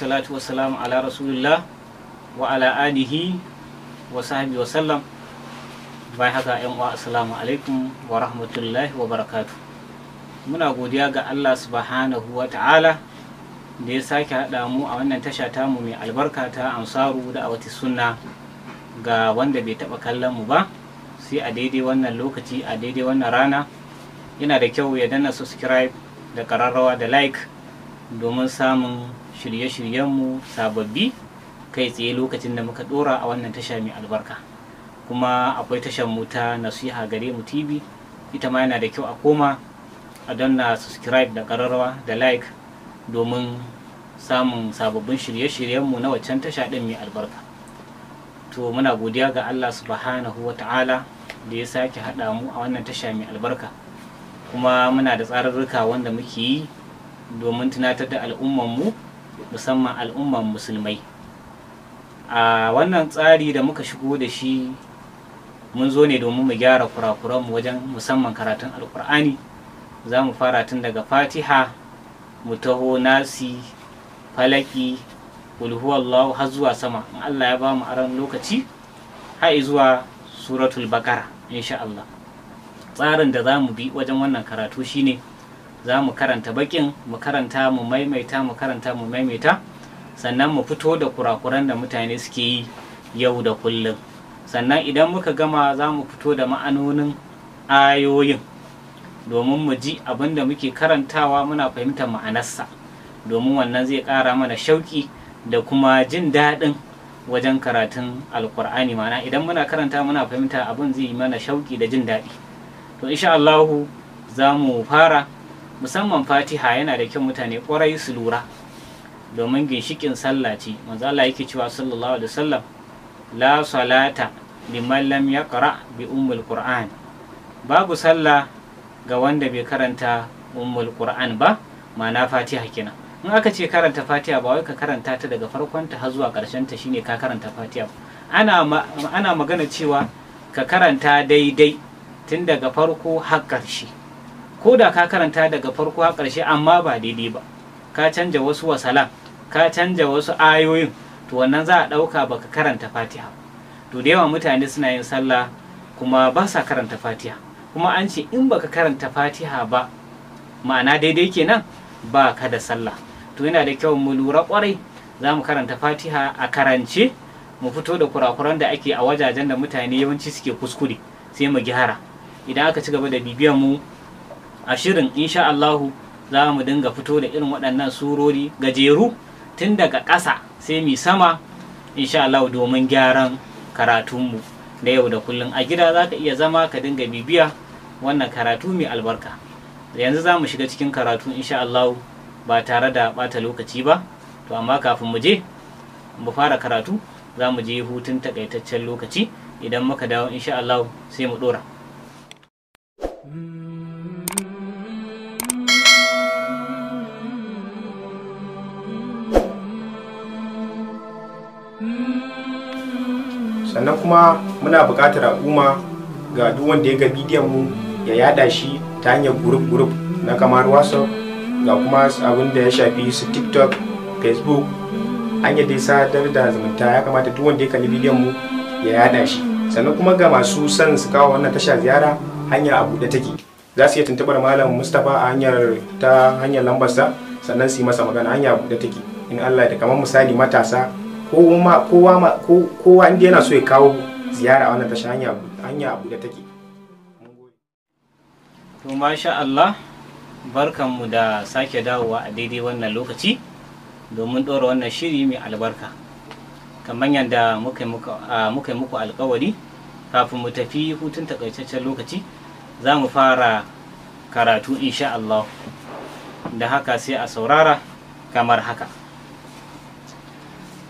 salatu wassalamu ala rasulillah wa ala alihi wa sahbihi wa sallam bai haka yan uwa assalamu alaikum wa rahmatullahi wa barakatu muna godiya ga Allah subhanahu wa ta'ala da ya sake haɗa mu a wannan tasha ta mu mai albarka ta ansaru da awati sunna ga wanda bai taɓa kallon mu ba sai a daidai wannan lokaci a daidai wannan rana yana da kyau ya danna subscribe da kararrawa da like domin samun shirye-shiryenmu sababbi kai tsaye lokacin da muka dora a wannan tasha mai albarka kuma akwai tashar mu ta nasiha gare mu tv ita ma yana da kyau a koma a danna subscribe da kararrawa da like domin samun sababbin shirye-shiryenmu na waccan tasha din mai albarka to muna godiya ga allah subhanahu wa ta'ala da ya sake haɗa mu a wannan tasha mai albarka kuma muna da tsararruka wanda muke yi domin tunatar da al'umman mu musamman al'umman musulmai a wannan tsari da muka shigo da shi mun zo ne domin mu gyara mu wajen musamman karatun alkur'ani za mu fara tun daga fatiha mu taho nasi falaki ulhuwallahu har zuwa sama in allah ya ba mu aran lokaci har zuwa suratul bakara insha allah tsarin da za mu bi wajen wannan karatu shine ne za mu karanta bakin mu karanta mu maimaita mu karanta mu maimaita sannan mu fito da kurakuran da mutane suke yi yau da kullum sannan idan muka gama za mu fito da ma'anonin ayoyin domin mu ji abin da muke karantawa muna fahimtar ma'anarsa domin wannan zai ƙara mana shauƙi da kuma jin daɗin wajen karatun alkur'ani mana idan muna karanta muna fahimta abin zai yi mana shauƙi da jin daɗi to insha Allahu za mu fara musamman fatiha yana da kyau mutane kwarai su lura domin ginshikin sallah ce manzo Allah yake cewa sallallahu alaihi wasallam la salata liman lam yaqra bi ummul qur'an babu sallah ga wanda bai karanta ummul qur'an ba ma'ana fatiha kenan in aka ce karanta fatiha ba wai ka karanta ta daga farkon ta har zuwa karshen ta shine ka karanta fatiha ana ana magana cewa ka karanta daidai tun daga farko har ƙarshe ko da ka karanta daga farko har ƙarshe amma ba daidai ba ka canja wasu wasala ka canja wasu ayoyin to wannan za a ɗauka baka karanta fatiha to da yawa mutane suna yin sallah kuma ba sa karanta fatiha kuma an ce in baka karanta fatiha ba ma'ana daidai kenan ba ka da sallah to yana da kyau mu lura kwarai za mu karanta fatiha a karance mu fito da kurakuran da ake a wajajen da mutane yawanci suke kuskure sai mu gyara idan aka ci gaba da bibiyan mu a shirin insha Allahu za mu dinga fito da irin waɗannan surori gajeru tun daga ƙasa sai mu sama insha Allahu domin gyaran karatunmu na yau da kullum a gida za ka iya zama ka dinga bibiya wannan karatu mai albarka yanzu za mu shiga cikin karatu insha Allahu ba tare da ɓata lokaci ba to amma kafin mu je mu fara karatu za mu je hutun takaitaccen lokaci idan muka dawo insha Allahu sai mu dora. Mm. sannan kuma muna buƙatar al'umma ga duk wanda ya ga bidiyon mu ya yada shi ta hanyar gurup gurup na kamar whatsapp ga kuma abin da ya shafi su tiktok facebook yi dai sadar da zumunta ya kamata duk wanda ya kalli bidiyon mu ya yada shi sannan kuma ga masu son su kawo wannan tasha ziyara hanya a buɗe take za su iya tuntubar malam mustapha a hanyar ta hanyar lambarsa sannan su yi masa magana hanya a buɗe take in allah da kamar misali matasa kowa inda yana so ya kawo ziyara wannan tasha hanya hanya abu da take to masha Allah barkanmu da sake dawowa a daidai wannan lokaci domin ɗora wannan shiri mai albarka kamar yadda muka yi muku alkawari kafin mu tafi hutun takaitaccen lokaci za mu fara karatu insha Allah da haka sai a saurara kamar haka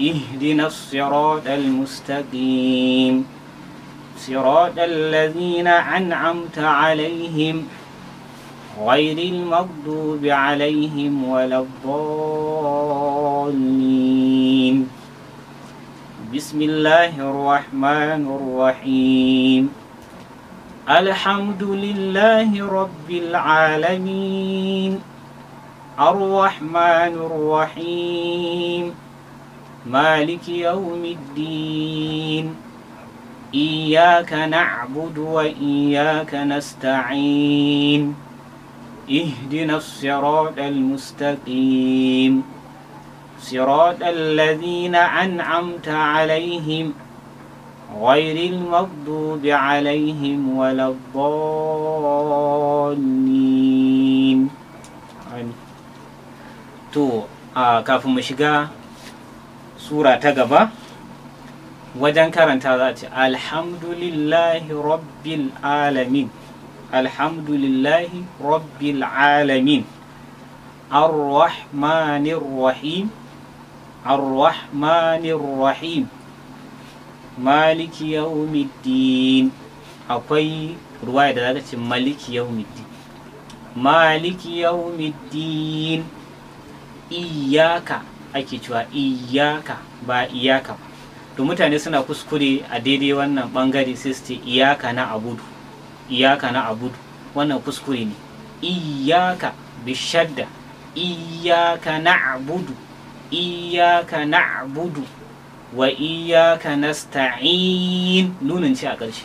اهدنا الصراط المستقيم صراط الذين أنعمت عليهم غير المغضوب عليهم ولا الضالين بسم الله الرحمن الرحيم الحمد لله رب العالمين الرحمن الرحيم مالك يوم الدين إياك نعبد وإياك نستعين اهدنا الصراط المستقيم صراط الذين أنعمت عليهم غير المغضوب عليهم ولا الضالين تو كافو kafin sura ta gaba wajen karanta za ce alhamdulillahi rabbil alamin alhamdulillahi rabbil alamin arrahmanir rahim rahim maliki yawmiddin akwai ruwa da za ce maliki yawmiddin maliki yawmiddin iyaka ake cewa iyaka ba iyaka ba to mutane suna kuskure a daidai wannan bangare sai su iyaka na abudu iyaka na abudu wannan kuskure ne iyaka bishadda iyaka na abudu iyaka na abudu wa iyaka nasta'in nunin ce a ƙarshe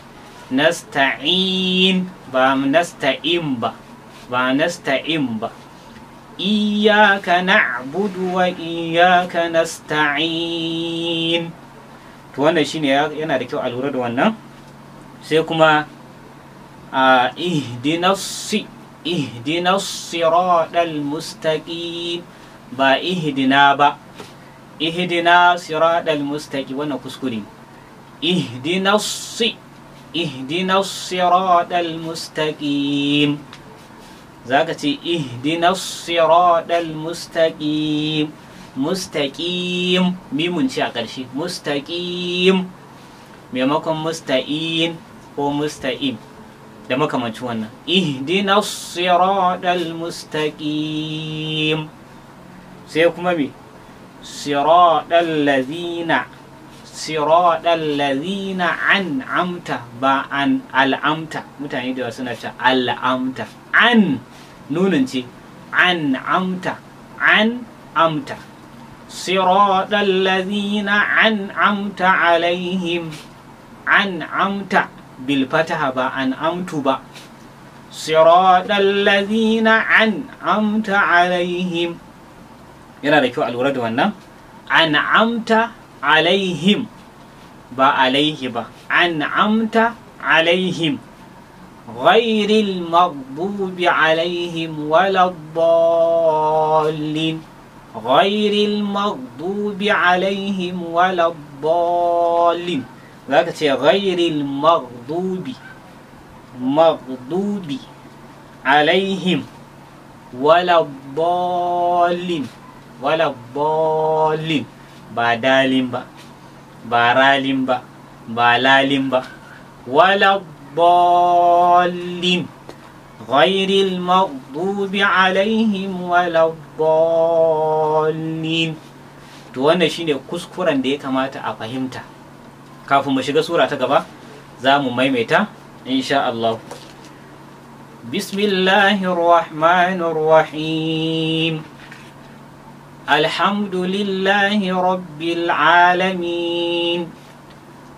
nasta'in ba nasta'in ba ba nasta'in ba iyyaka na'budu wa iyyaka to wannan shine yana da kyau a lura da wannan sai kuma a ihdinas ihdinas mustaqim ba ihdina ba ihdina siratal mustaqim wannan kuskure ihdinas ihdinas mustaqim zaka ce ihdinas siratal mustaqim mustaqim mimun ci a ƙarshe mustaqim maimakon musta'in ko musta'im da makamanci wannan ihdinas siratal mustaqim sai kuma me siratal ladina siratal ladina an'amta ba an al'amta mutane da suna ce al'amta an nunin ce an amta an amta siraɗar lazina an amta alaihim an amta bilfataha ba an amtu ba siraɗar lazina an amta alaihim yana da kyau a lura da wannan an amta alaihim ba alaihi ba an amta alaihim غير المغضوب عليهم ولا الضالين غير المغضوب عليهم ولا الضالين ذاك غير المغضوب مغضوب عليهم ولا الضالين ولا الضالين با بارالين با بالالين با ولا الضالين الضالين غير المغضوب عليهم ولا الضالين to wannan shine kuskuren da ya kamata a fahimta kafin mu shiga sura ta gaba za mu maimaita insha Allah bismillahir rahmanir rahim alhamdulillahi rabbil alamin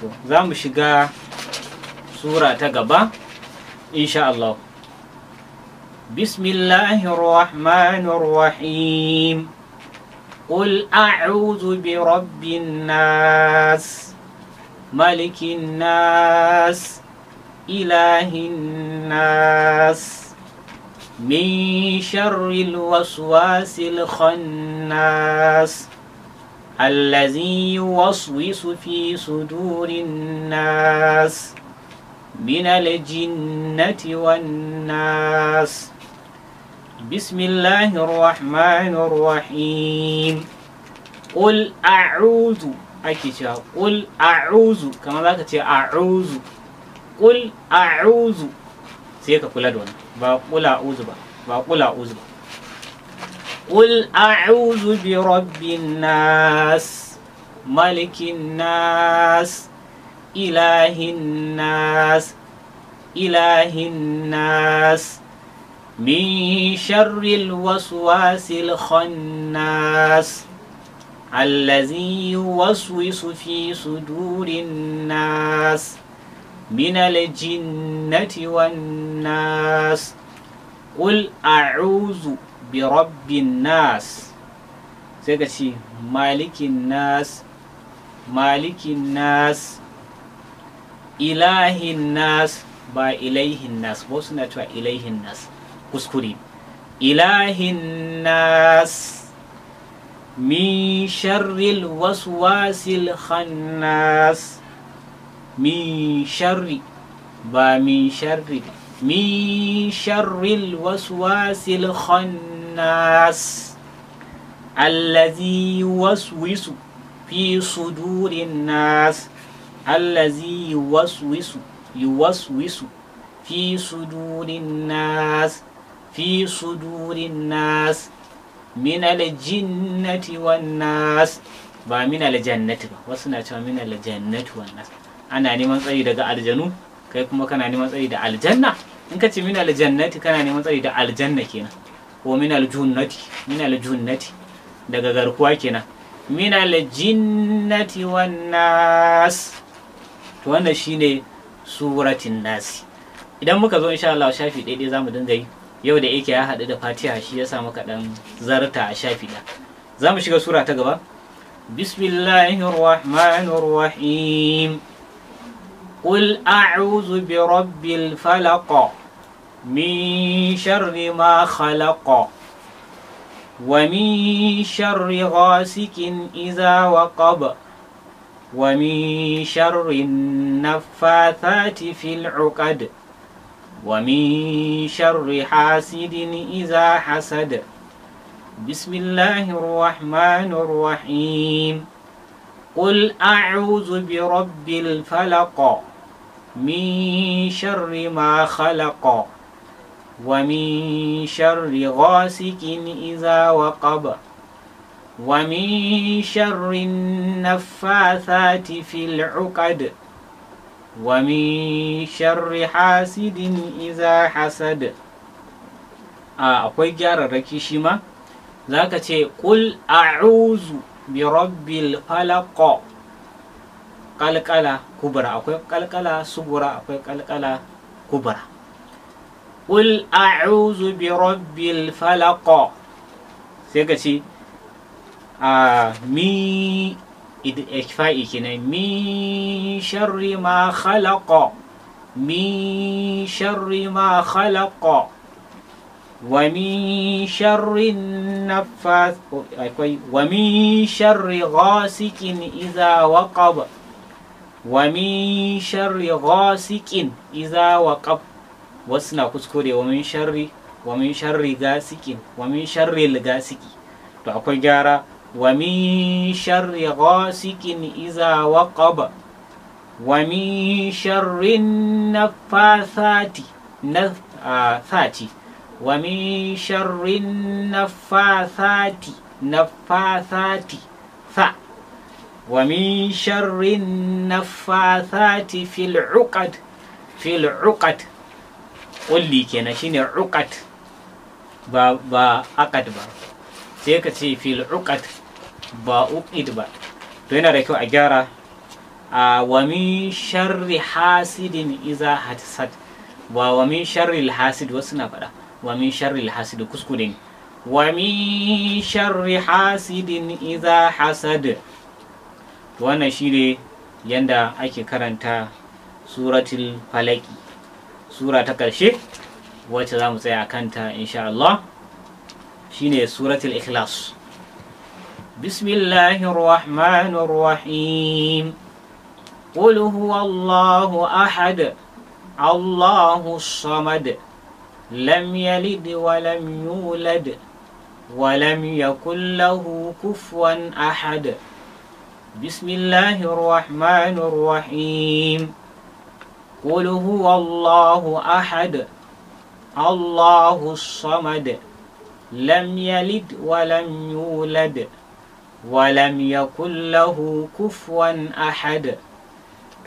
to za mu shiga sura ta gaba insha Allah bismillahir rahmanir rahim قل أعوذ برب الناس ملك الناس إله الناس من شر الوسواس الخناس الذي يوسوس في صدور الناس من الجنة والناس بسم الله الرحمن الرحيم قل أعوذ أكيشا قل أعوذ كما ذاك أعوذ قل أعوذ سيكا قل أدوان با قل أعوذ با با قل أعوذ با قل أعوذ برب الناس ملك الناس إله الناس إله الناس من شر الوسواس الخناس الذي يوسوس في صدور الناس من الجنة والناس قل أعوذ bi rabbin nas sai ka ce malikin nas malikin nas ilahin nas ba ilaihin nas ba suna cewa ilaihin nas kuskure ilahin nas min sharril waswasil khannas min sharri ba min sharri min sharril waswasil khannas الناس الذي يوسوس في صدور الناس الذي يوسوس يوسوس في صدور الناس في صدور الناس من الجنة والناس ba min aljannati ba wasu na cewa min aljannati wannan ana neman tsari daga aljanu kai kuma kana neman tsari da aljanna in ka ce min aljannati kana neman tsari da aljanna kenan ko min aljunnati min aljunnati daga garkuwa kenan min aljinnati wan nas to wannan shine suratin nasi idan muka zo insha Allah shafi daidai zamu dinga yi yau da yake ya haɗu da fatiha shi ya samu kaɗan zarta a shafi da zamu shiga sura ta gaba bismillahirrahmanirrahim قل أعوذ برب الفلق من شر ما خلق ومن شر غاسك إذا وقب ومن شر النفاثات في العقد ومن شر حاسد إذا حسد بسم الله الرحمن الرحيم قل أعوذ برب الفلق من شر ما خلق ومن شر غاسك إذا وقب ومن شر النفاثات في العقد ومن شر حاسد إذا حسد akwai gyararraki shi ma za ka ce kul a'uzu bi rabbil falaq kalkala kubra akwai kalkala subura akwai kalkala kubra قل أعوذ برب الفلق سيكسي آه، مي إكفائي كنا من شر ما خلق من شر ما خلق ومن شر النفاث ومن شر غاسق إذا وقب ومن شر غاسق إذا وقب واسنا كسكوري ومن شري ومن شري غاسق ومن شري الغاسق تو اكو جارا ومن شري غاسكين اذا وقب ومن شر النفاثات نفاثات ومن شر النفاثات نفاثات ف ومن شر النفاثات في العقد في العقد kulli kenan shine uqat ba ba aqad ba sai ka ce fil uqat ba uqid ba to yana da kyau a gyara a wa min sharri hasidin iza hasad wa wa min sharri hasid wasu na faɗa wa min sharri hasid kuskure ne wa min sharri hasidin iza hasad wannan shine yanda ake karanta suratul falaki sura ta ƙarshe wacce za mu tsaya a kanta insha Allah shine suratul ikhlas bismillahir rahmanir rahim قل هو الله أحد الله الصمد لم wa ولم يولد ولم يكن له كفوا أحد بسم الله الرحمن الرحيم قل هو الله أحد الله الصمد لم يلد ولم يولد ولم يكن له كفوا أحد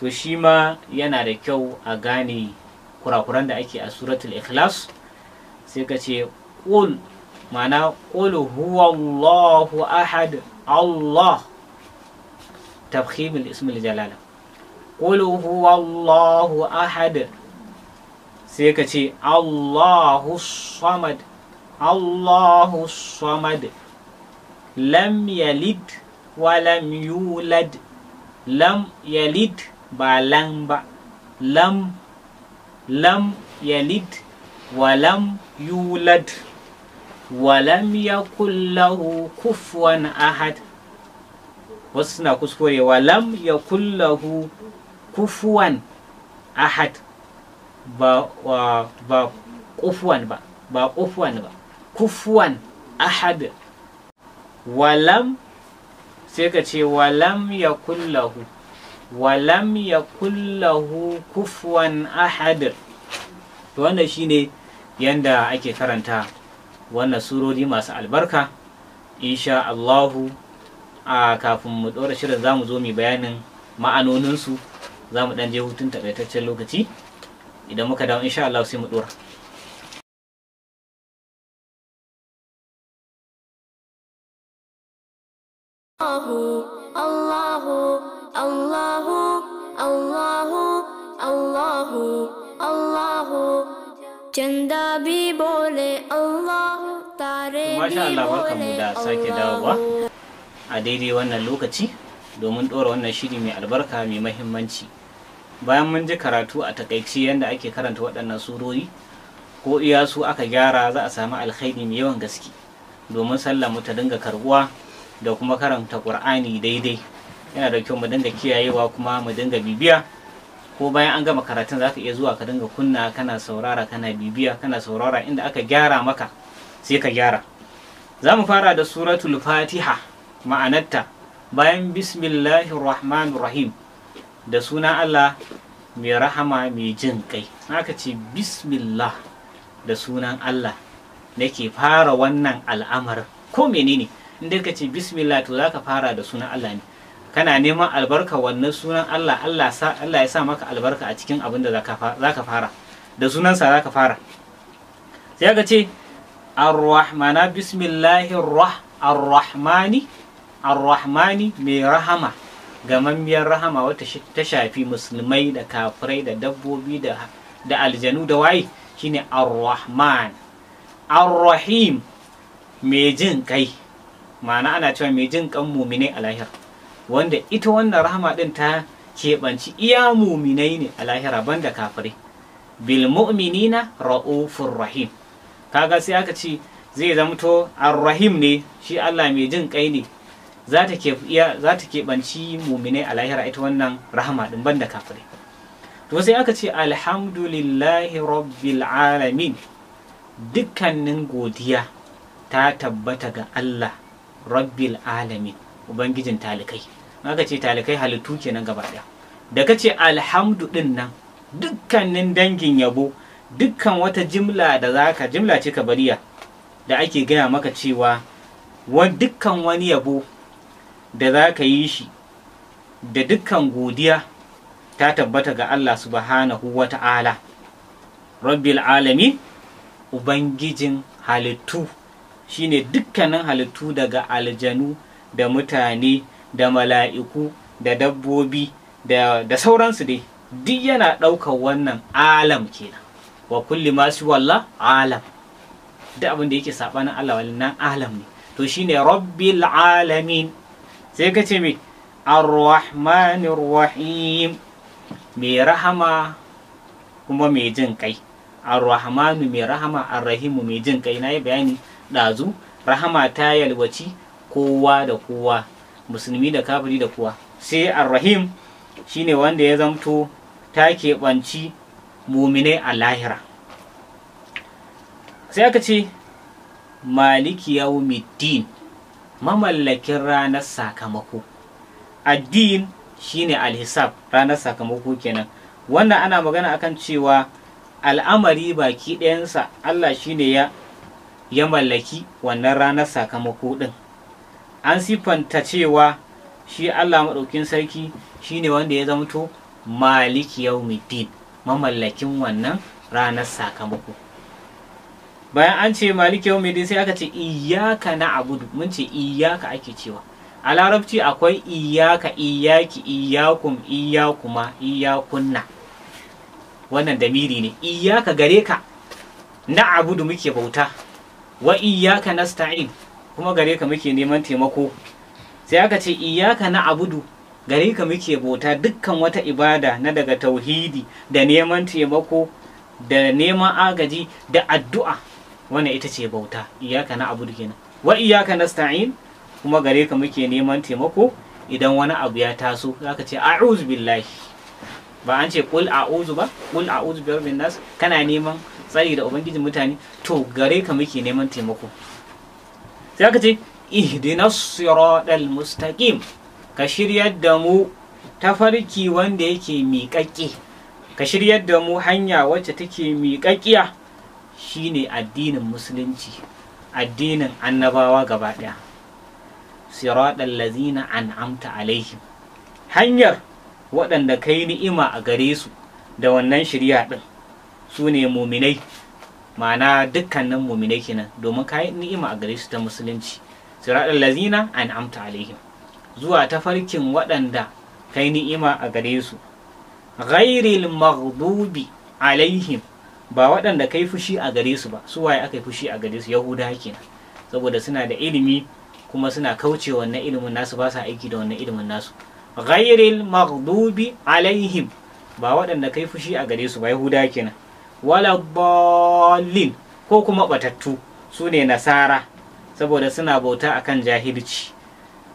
تشيما يناركو أغاني كرا كرا أكي أسورة الإخلاص سيكتي قل معنى قل هو الله أحد الله تبخيم الاسم الجلاله qul huwallahu ahad sai ka ce Allahu samad Allahu samad lam yalid wa lam yulad lam yalid ba lam ba lam lam yalid wa lam yulad wa lam yakul lahu kufuwan ahad wasu suna kuskure wa lam yakul lahu kufuwan ahad ba ba kufuwan ba ba kufuwan ba kufuwan ahad walam sai ka ce walam ya kullahu walam ya kullahu kufuwan ahad to wannan shine yanda ake karanta wannan surori masu albarka insha Allahu a kafin mu ɗora shirin za mu zo mu bayanin ma'anoninsu za mu dan je hutun takaitaccen lokaci idan muka dawo insha Allah sai mu dora Janda bi bole Allahu tare bi Allah barkamu da sake dawowa a daidai wannan lokaci domin ɗora wannan shiri mai albarka mai mahimmanci. bayan mun ji karatu a takaici yadda ake karanta waɗannan surori ko iya su aka gyara za a sami alkhairi mai yawan gaske domin sallah mu ta dinga karbuwa da kuma karanta qur'ani daidai yana da kyau mu dinga kiyayewa kuma mu dinga bibiya ko bayan an gama karatun za ka iya zuwa ka dinga kunna kana saurara kana bibiya kana saurara inda aka gyara maka sai ka gyara za mu fara da suratul fatiha ma'anarta bayan bismillahir rahmanir da suna Allah mai rahama mai jin kai aka ce bismillah da sunan Allah nake fara wannan al'amar ko menene inda ka ce bismillah to zaka fara da sunan Allah ne kana neman albarka wannan sunan Allah Allah ya sa maka albarka a cikin abin da zaka fara da sunansa zaka fara sai ka ce ar-rahmana bismillahir rahmani ar-rahmani mai rahama gamammiyar rahama wata ta shafi musulmai da kafirai da dabbobi da aljanu da waye shine ar-rahman ar-rahim mai jin kai ma'ana ana cewa mai jin kan muminai a lahira wanda ita wannan rahama din ta keɓanci iya muminai ne a lahira banda kafirai bil mu'minina ra'ufur rahim kaga sai aka ce zai zamto ar-rahim ne shi Allah mai jin kai ne za ta keɓanci muminai a lahira ita wannan rahama din banda kafirai to sai aka ce alhamdulillahi rabbil alamin dukkanin godiya ta tabbata ga Allah rabbil alamin ubangijin talikai aka ce talikai halittu kenan gaba ɗaya da ce alhamdu din nan dukkanin dangin yabo dukkan wata jimla da zaka jimla ce ka bariya. da ake gaya maka cewa wa dukkan wani yabo da za ka yi shi da dukkan godiya ta tabbata ga Allah subhanahu wa ta'ala rabbil alami ubangijin halittu shine dukkanin halittu daga aljanu da mutane da mala'iku da dabbobi da, sauransu dai duk yana ɗaukar wannan alam kenan wa kulli masu walla alam duk abin da yake saɓanin Allah nan alam ne to shine rabbil alamin sai ka ce mai arrahmanir rahim mai rahama kuma mai jin kai arrahmanu mai rahama arrahimu mai jin kai na yi bayani ɗazu rahama ta yalwaci kowa da kowa musulmi da kafiri da kowa sai arrahim shine wanda ya zamto ta keɓanci muminai a lahira sai aka ce maliki yawmiddin mamallakin ranar sakamako addin shine alhisab ranar sakamako kenan wannan ana magana a kan cewa al'amari baki ɗayansa Allah shine ya ya mallaki wannan ranar sakamako ɗin an siffanta cewa shi Allah maɗaukin sarki shine wanda ya zamto maliki yaumiddin mamallakin wannan ranar sakamako bayan an ce maliki yau mai sai aka ce iyaka na abudu mun ce iyaka ake cewa a larabci akwai iyaka iyaki iyakum iyakuma iyakunna wannan damiri ne iyaka gare ka na abudu muke bauta wa iyaka na sta'in kuma gare ka muke neman taimako sai aka ce iyaka na abudu gare ka muke bauta dukkan wata ibada na daga tauhidi da neman taimako da neman agaji da addu'a wannan ita ce bauta iyaka na abu kenan wa iyaka nasta'in kuma gare ka muke neman taimako idan wani abu ya taso zaka ce a'udhu billahi ba an ce kul a'udhu ba kul a'udhu bi rabbin nas kana neman tsari da ubangiji mutane to gare ka muke neman taimako sai aka ce ihdinas siratal mustaqim ka shiryar da mu tafarki wanda yake miƙaƙƙi. ka shiryar da mu hanya wacce take miƙaƙƙiya shine addinin musulunci addinin annabawa gaba ɗaya siraɗan lazina an'amta alaihim hanyar waɗanda kai ni'ima a gare su da wannan shirya ɗin su ne muminai ma'ana dukkanin muminai kenan domin ka yi ni'ima a gare su ta musulunci siraɗan lazina an'amta alaihim zuwa tafarkin waɗanda ka ni'ima a gare su ghairil maghdubi alaihim ba waɗanda kai fushi a gare su ba su waye aka yi fushi a gare su yahuda kenan saboda suna da ilimi kuma suna kauce wannan ilimin nasu ba sa aiki da wannan ilimin nasu ghayril maghdubi alaihim ba waɗanda kai fushi a gare su ba yahuda kenan wala dallin ko kuma batattu su ne nasara saboda suna bauta akan jahilci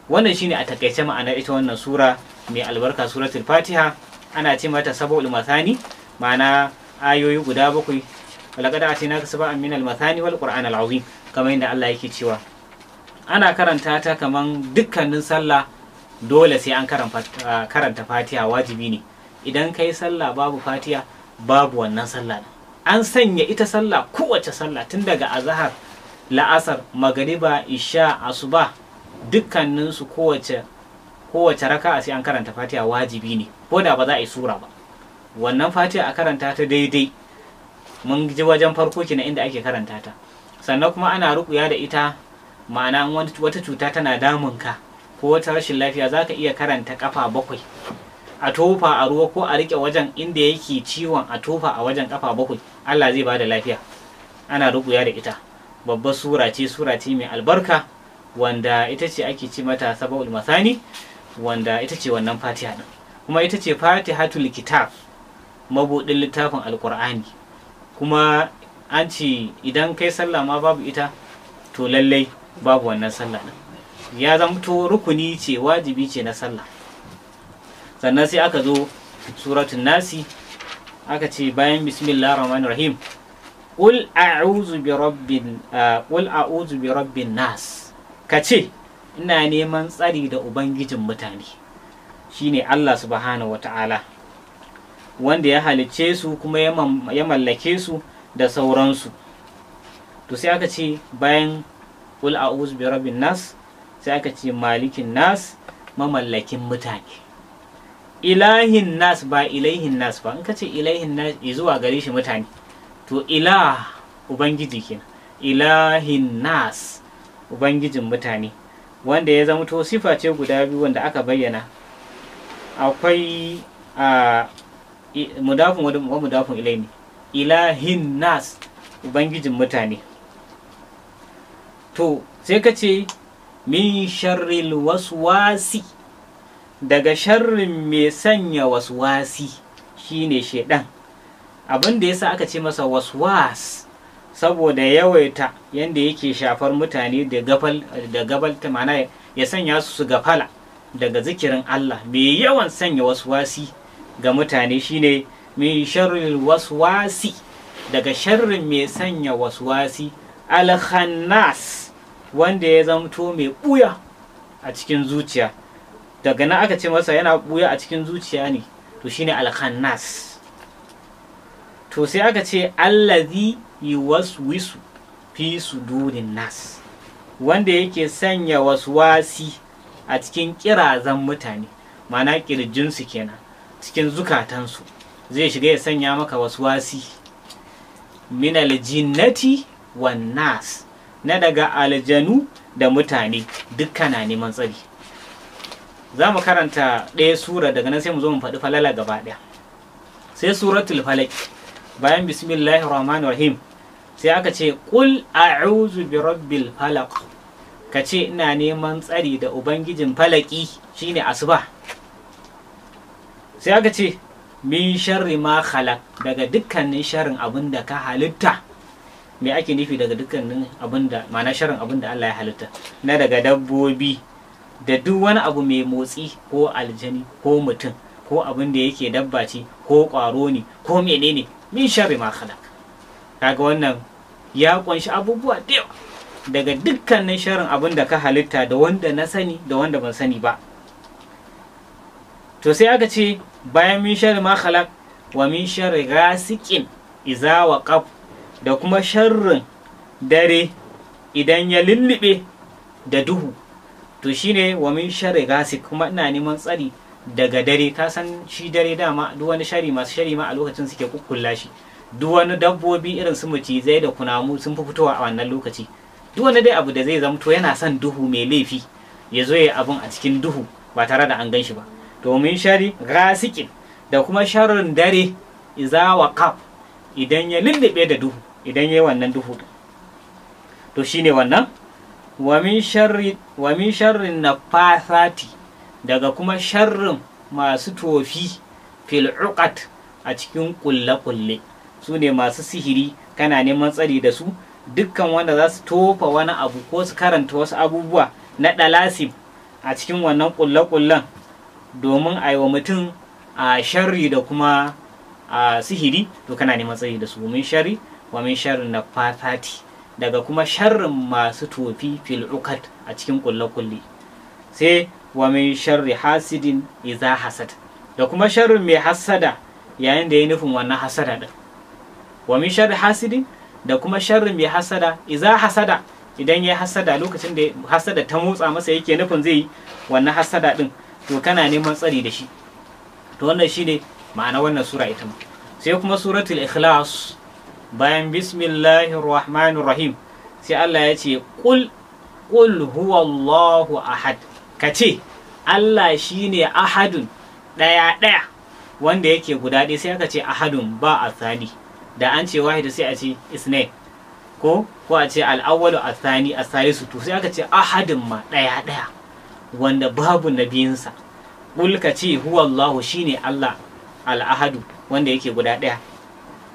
wannan shine a takaice ma'anar ita wannan sura mai albarka suratul fatiha ana ce mata sabaul masani ma'ana ayoyi guda bakwai walaqad atina kasaba min al-mathani wal ƙur'an kamar yadda Allah yake cewa ana karanta ta kamar dukkanin sallah dole sai an karanta fatiha wajibi ne idan kai sallah babu fatiha babu wannan sallah an sanya ita sallah kowace sallah tun daga azahar la'asar magariba isha asuba dukkaninsu kowace kowace raka'a sai an karanta fatiha wajibi ne ko da ba za a yi sura ba wannan fatiha a karanta ta daidai mun ji wajen farko na inda ake karanta ta sannan kuma ana rukuya da ita ma'ana wata cuta tana damun ka ko wata rashin lafiya za ka iya karanta kafa bakwai a tofa a ruwa ko a rike wajen inda yake ciwon a tofa a wajen kafa bakwai Allah zai bada lafiya ana rukuya da ita babbar sura ce sura ce mai albarka wanda ita ce ake ci mata sabaul masani wanda ita ce wannan fatiha din kuma ita ce fatihatul kitab mabuɗin littafin alkur'ani kuma an ce idan kai sallah ma babu ita to lallai babu wannan sallah ɗin ya zamto rukuni ce wajibi ce na sallah sannan sai aka zo suratun nasi aka ce bayan bismillah rahman rahim qul a bi rabbin bi rabbin nas ce. ina neman tsari da ubangijin mutane shine Allah subhanahu ta'ala. wanda ya halicce su kuma ya mallake su da sauransu to sai aka ce bayan ul a'uz bi rabbin nas sai aka ce malikin nas mamallakin mutane ilahin nas ba ilaihin nas ba in ka ce ilaihin nas zuwa gare shi mutane to ilah ubangiji kenan ilahin nas ubangijin mutane wanda ya zama to sifa ce guda biyu wanda aka bayyana akwai a ah, mudafin wa mudafin ilai ne ilahin nas ubangijin mutane to sai ka ce min sharril waswasi daga sharrin mai sanya waswasi shine shaidan abin da yasa aka ce masa waswas saboda yawaita yadda yake shafar mutane da gafal da gabal mana ya sanya su su gafala daga zikirin Allah mai yawan sanya waswasi ga mutane shine min sharril waswasi daga sharrin mai sanya waswasi alhannas wanda ya zamto mai buya a cikin zuciya daga nan aka ce masa yana buya a cikin zuciya ne to shine alhannas to sai aka ce allazi yuwaswisu fi sudurin nas wanda yake sanya waswasi a cikin kirazan mutane ma'ana kirjinsu kenan cikin zukatansu zai shiga ya sanya maka wasu wasi minal jinnati wan nas na daga aljanu da mutane dukkana neman tsari za mu karanta ɗaya sura daga nan sai mu zo mu faɗi falala gaba ɗaya sai suratul falak bayan bismillahi rahman rahim sai aka ce kul a'udhu bi rabbil falaq ka ce ina neman tsari da ubangijin falaki shine asuba sai aka ce min sharri ma khalaq daga dukkanin sharrin abin da ka halitta me ake nufi daga dukkanin abin da ma'ana sharrin abin da Allah ya halitta na daga dabbobi da duk wani abu mai motsi ko aljani ko mutum ko abin da yake dabba ce ko ƙwaro ne ko menene min sharri ma khalaq kaga wannan ya kunshi abubuwa da yawa daga dukkanin sharrin abin da ka halitta da wanda na sani da wanda ban sani ba to sai aka ce bayan min sharri ma khalaq wa min sharri ghasiqin iza waqab da kuma sharrin dare idan ya lullube da duhu to shine wa min sharri ghasiq kuma ina neman tsari daga dare ka san shi dare dama duk wani shari masu shari ma a lokacin suke kukkulla shi duk wani dabbobi irin su macizai da kunamu sun fi fitowa a wannan lokaci duk wani dai abu da zai zamto yana son duhu mai laifi ya zo ya abun a cikin duhu ba tare da an gan shi ba domin shari gasikin da kuma sharin dare iza wa kaf idan ya lullube da duhu idan ya yi wannan duhu to shine wannan wa min sharrin na daga kuma sharrin masu tofi uqat a cikin kulle-kulle su ne masu sihiri kana neman tsari da su dukkan wanda za su tofa wani abu ko su karanta wasu abubuwa na dalasim a cikin wannan kulle-kullen domin a yi wa mutum a shari da kuma a sihiri to kana neman matsayi da su min shari wa min sharrin na fatati daga kuma sharrin masu tofi fil ukat a cikin kulle sai wa min sharri hasidin iza hasad da kuma sharrin mai hasada yayin da ya nufin wannan hasada din wa min sharri hasidin da kuma sharrin mai hasada iza hasada idan ya hasada lokacin da hasada ta motsa masa yake nufin zai wannan hasada din to kana neman tsari da shi to wannan shine ma'ana wannan sura ita sai kuma suratul ikhlas bayan bismillahir rahmanir rahim sai Allah ya ce kul kul huwallahu ahad kace Allah shine ahadun daya daya wanda yake guda ɗaya sai aka ce ahadun ba a tsani da an ce wahida sai a ce isne ko ko a ce al'awwalu a tsani a su to sai aka ce ahadun ma daya daya wanda babu nabiyinsa ƙul ka ce huwallahu shine Allah al'ahadu wanda yake guda ɗaya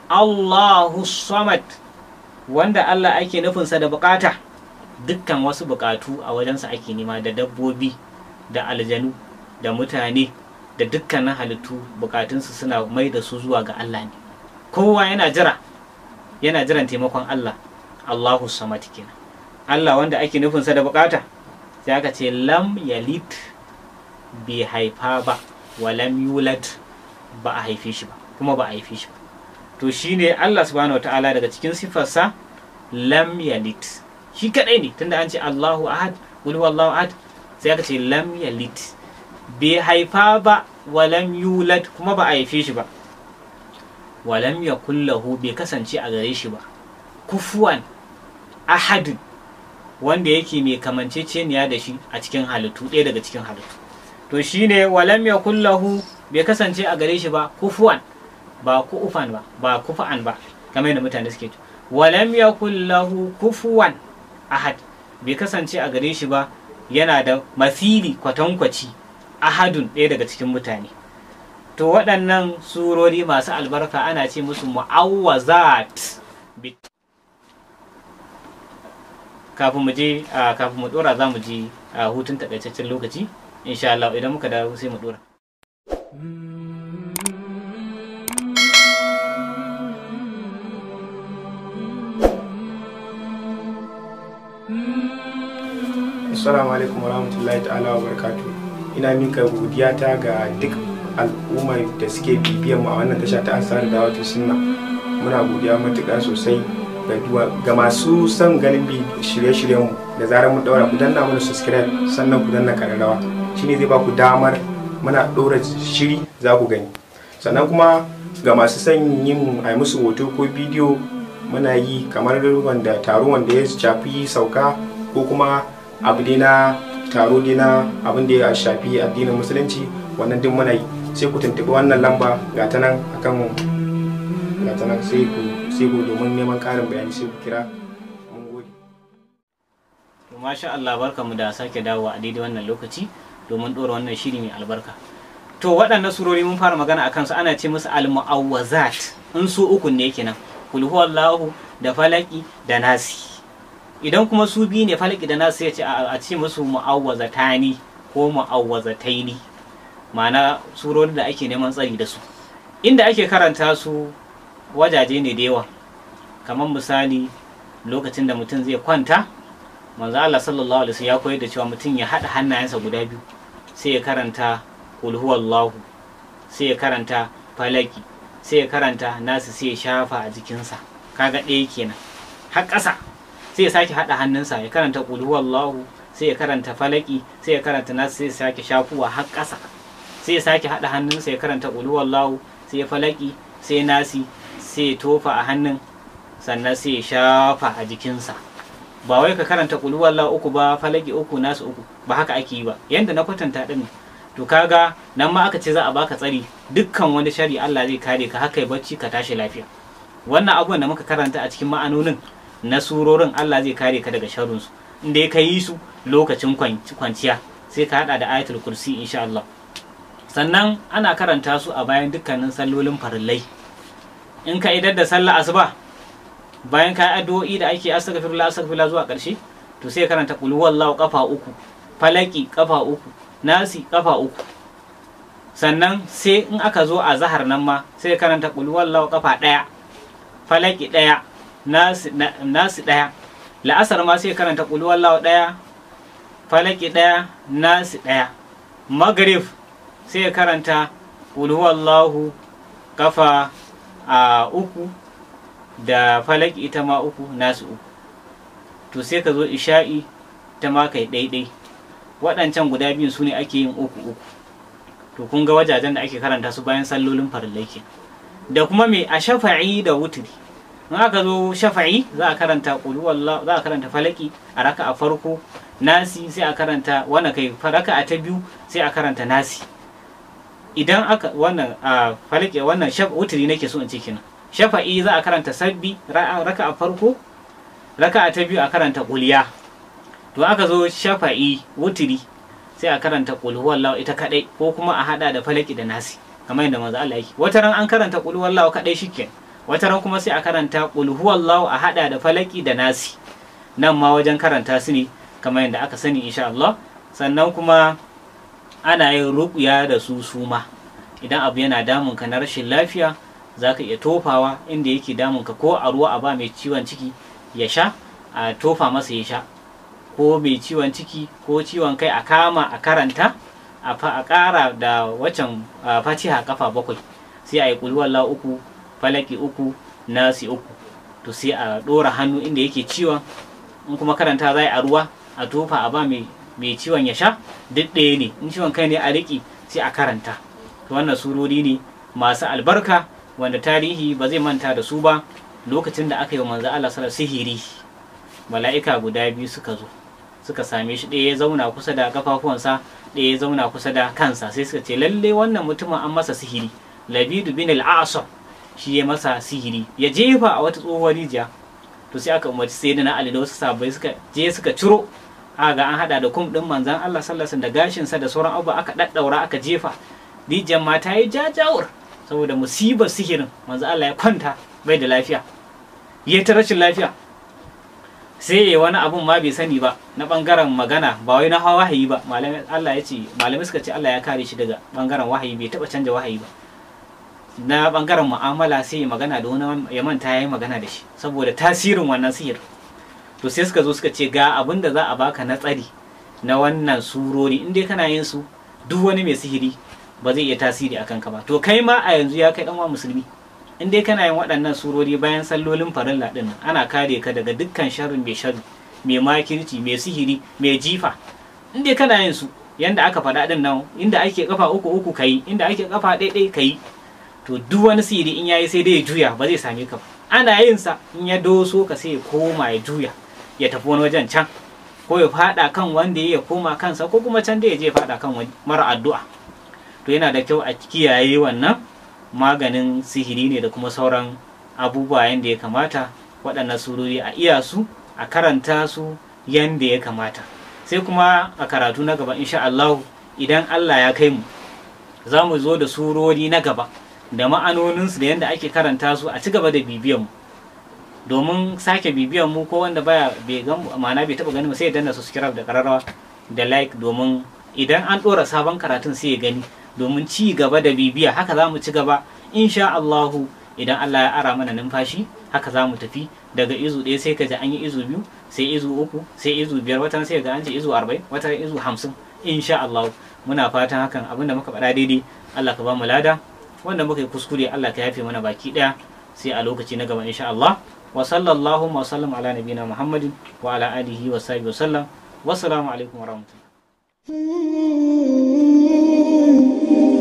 Allahu samad wanda Allah ake nufinsa da bukata dukkan wasu bukatu a wajensa ake nema da dabbobi da aljanu da mutane da dukkanin halittu bukatunsu suna mai da su zuwa ga Allah ne kowa yana jira yana jiran taimakon Allah Allahu samad kenan Allah wanda ake nufinsa da bukata sai aka ce lam yalid bi haifa ba wa lam yulad ba a haife shi ba kuma ba a haife shi ba to shine Allah subhanahu wataala daga cikin sifarsa lam yalid shi kadai ne tunda an ce Allahu ahad qul huwallahu ahad sai aka ce lam yalid bi haifa ba wa lam yulad kuma ba a haife shi ba wa lam yakul lahu bai kasance a gare shi ba kufuwan ahadin wanda yake mai kamanceceniya da shi a cikin halittu ɗaya daga cikin halittu to shine walam yakul kullahu bai kasance a gare shi ba kufuwan ba ufan ba ba kufa'an ba kamar yadda mutane suke ce walam yakul kullahu kufuwan ahad bai kasance a gare shi ba yana da masiri kwatankwaci ahadun ɗaya daga cikin mutane to waɗannan surori masu albarka ana ce musu mu'awwazat kafin mu je kafin mu dora za mu ji hutun takaitaccen lokaci insha Allah idan muka dawo sai mu dora Assalamu alaikum warahmatullahi ta'ala wa barakatu. Ina mika godiyata ga duk al'ummar da suke bibiyan mu a wannan tasha ta da wato Sunna. Muna godiya matuƙa sosai ga masu son ganin shirye-shiryenmu da zarar mun daura ku danna mana subscribe sannan ku danna kararrawa shine zai ba ku damar muna ɗora shiri za ku gani sannan kuma ga masu son yin a musu hoto ko bidiyo muna yi kamar wanda taro wanda ya shafi sauka ko kuma abu na taro dai na abin da ya shafi addinin musulunci wannan duk muna yi sai ku tuntuɓi wannan lamba ga ta nan akan ga ta nan sai ku sai ko domin neman ƙarin bayani sai ku kira mun gode masha Allah barkamu da sake dawo a daidai wannan lokaci domin ɗora wannan shiri mai albarka to waɗannan surori mun fara magana a su ana ce musu al-mu'awwazat in su uku ne kenan kul huwallahu da falaki da nasi idan kuma su biyu ne falaki da nasi ya ce a ce musu mu'awwazatani ko mu'awwazataini ma'ana surori da ake neman tsari da su inda ake karanta su wajaje ne da yawa kamar misali lokacin da mutum zai kwanta manzo Allah sallallahu alaihi wasallam ya koyar da cewa mutum ya haɗa hannayensa guda biyu sai ya karanta kul huwallahu sai ya karanta falaki sai ya karanta nasu sai ya shafa a jikinsa kaga ɗaya kenan har ƙasa sai ya sake haɗa hannunsa ya karanta kul huwallahu sai ya karanta falaki sai ya karanta nasu sai ya sake shafuwa har ƙasa sai ya sake haɗa hannunsa ya karanta kul huwallahu sai ya falaki sai nasi sai tofa a hannun sannan sai shafa a jikinsa ba wai ka karanta kulwalla uku ba falaki uku nasu uku ba haka ake yi ba yanda na kwatanta din to kaga nan ma aka ce za a baka tsari dukkan wani shari Allah zai kare ka haka bacci ka tashi lafiya wannan abubuwan da muka karanta a cikin ma'anonin na surorin Allah zai kare ka daga sharrin su inda ya kai su lokacin kwanciya sai ka hada da ayatul kursi insha Allah sannan ana karanta su a bayan dukkanin sallolin farillai in ka idar da sallah asuba bayan ka addu'o'i da ake astaghfirullah astaghfirullah zuwa ƙarshe to sai karanta qul huwallahu kafa uku falaki kafa uku nasi kafa uku sannan sai in aka zo a zahar nan ma sai karanta qul huwallahu kafa daya falaki daya nasi nasi daya la'asar ma sai karanta qul huwallahu daya falaki daya nasi daya magrib sai karanta qul huwallahu kafa a uku da falaki ita ma uku nasu uku to sai ka zo isha'i ta ma kai ɗaiɗai waɗancan guda biyun su ne ake yin uku uku to kun ga wajajen da ake karanta su bayan sallolin farlaki da kuma mai a shafa'i da wuturi in aka zo shafa'i za a karanta za a karanta falaki a raka a farko nasi sai a karanta wani kai raka a ta biyu sai a karanta nasi idan aka wannan a falake wannan shafa wuturi nake so in ce kenan shafa'i za a karanta sabbi raka a farko raka ta biyu a karanta kuliya to aka zo shafa'i wuturi sai a karanta kul huwallahu ita kadai ko kuma a hada da falaki da nasi kamar yadda manzo Allah yake wata ran an karanta kul huwallahu kadai shikken wata ran kuma sai a karanta kul huwallahu a hada da falaki da nasi nan ma wajen karanta su ne kamar yadda aka sani insha Allah sannan kuma ana yin ruƙuya da su suma idan abu yana damun ka na rashin lafiya za ka iya tofawa inda yake damun ka ko a ruwa a ba mai ciwon ciki ya sha a tofa masa ya sha ko mai ciwon ciki ko ciwon kai a kama a karanta a ƙara da waccan fatiha kafa bakwai sai a yi kulwalla uku falaki uku nasi uku to sai a ɗora hannu inda yake ciwon in kuma karanta za a ruwa a tofa a ba mai mai ciwon ya sha duk ɗaya ne in ciwon kai ne a riƙi sai a karanta to wannan surori ne masu albarka wanda tarihi ba zai manta da su ba lokacin da aka yi wa manzo Allah sallallahu sihiri mala'ika guda biyu suka zo suka same shi ɗaya ya zauna kusa da kafafuwansa ɗaya ya zauna kusa da kansa sai suka ce lalle wannan mutumin an masa sihiri labidu bin al shi ya masa sihiri ya jefa a wata tsohuwar rijiya to sai aka umarci sai na ali da wasu sabai suka je suka ciro a ga an hada da kum din manzan Allah sallallahu da gashinsa da sauran abu aka daddaura aka jefa dijan ma ta yi jajawur saboda musibar sihirin manzan Allah ya kwanta bai da lafiya ya ta rashin lafiya sai yayi wani abun ma bai sani ba na bangaren magana ba wai na wahayi ba malamai Allah ya ce malami suka ce Allah ya kare shi daga bangaren wahayi bai taba canja wahayi ba na bangaren mu'amala sai magana da wani ya manta ya yi magana da shi saboda tasirin wannan sihir to sai suka zo suka ce ga abin da za a baka na tsari na wannan surori in dai kana yin su duk wani mai sihiri ba zai iya tasiri akan ka ba to kai ma a yanzu ya kai danwa musulmi in dai kana yin waɗannan surori bayan sallolin farilla din ana kare ka daga dukkan sharrin mai sharri mai makirci mai sihiri mai jifa in dai kana yin su yanda aka faɗa din nan inda ake kafa uku uku kai inda ake kafa ɗaiɗai kai to duk wani sihiri in yayi sai dai ya juya ba zai same ka ba ana yin sa in ya doso ka sai ya koma ya juya ya tafi wani wajen can ko ya fada kan wanda ya koma kansa ko kuma can da ya je fada kan mara addu'a to yana da kyau a kiyaye wannan maganin sihiri ne da kuma sauran abubuwa yadda ya kamata waɗannan surori a iya su a karanta su yadda ya kamata sai kuma a karatu na gaba insha Allah idan Allah ya kai mu za mu zo da surori na gaba da ma'anoninsu da yadda ake karanta su a ci gaba da bibiyanmu domin sake bibiyan mu ko wanda baya bai ga ma'ana bai taba ganin mu sai ya danna subscribe da kararrawa da like domin idan an dora sabon karatun sai ya gani domin ci gaba da bibiya haka za mu ci gaba insha Allahu idan Allah ya ara mana numfashi haka za mu tafi daga izu ɗaya sai ka ji an yi izu biyu sai izu uku sai izu biyar watan sai ga an ji izu arba'in watan izu hamsin insha Allah muna fatan hakan abin da muka faɗa daidai Allah ka ba mu lada wanda muka yi kuskure Allah ka yafe mana baki ɗaya sai a lokaci na gaba insha Allah wa wa sallam ala nabina muhammadin wa ala alihi wa sahbihi wa sallam wa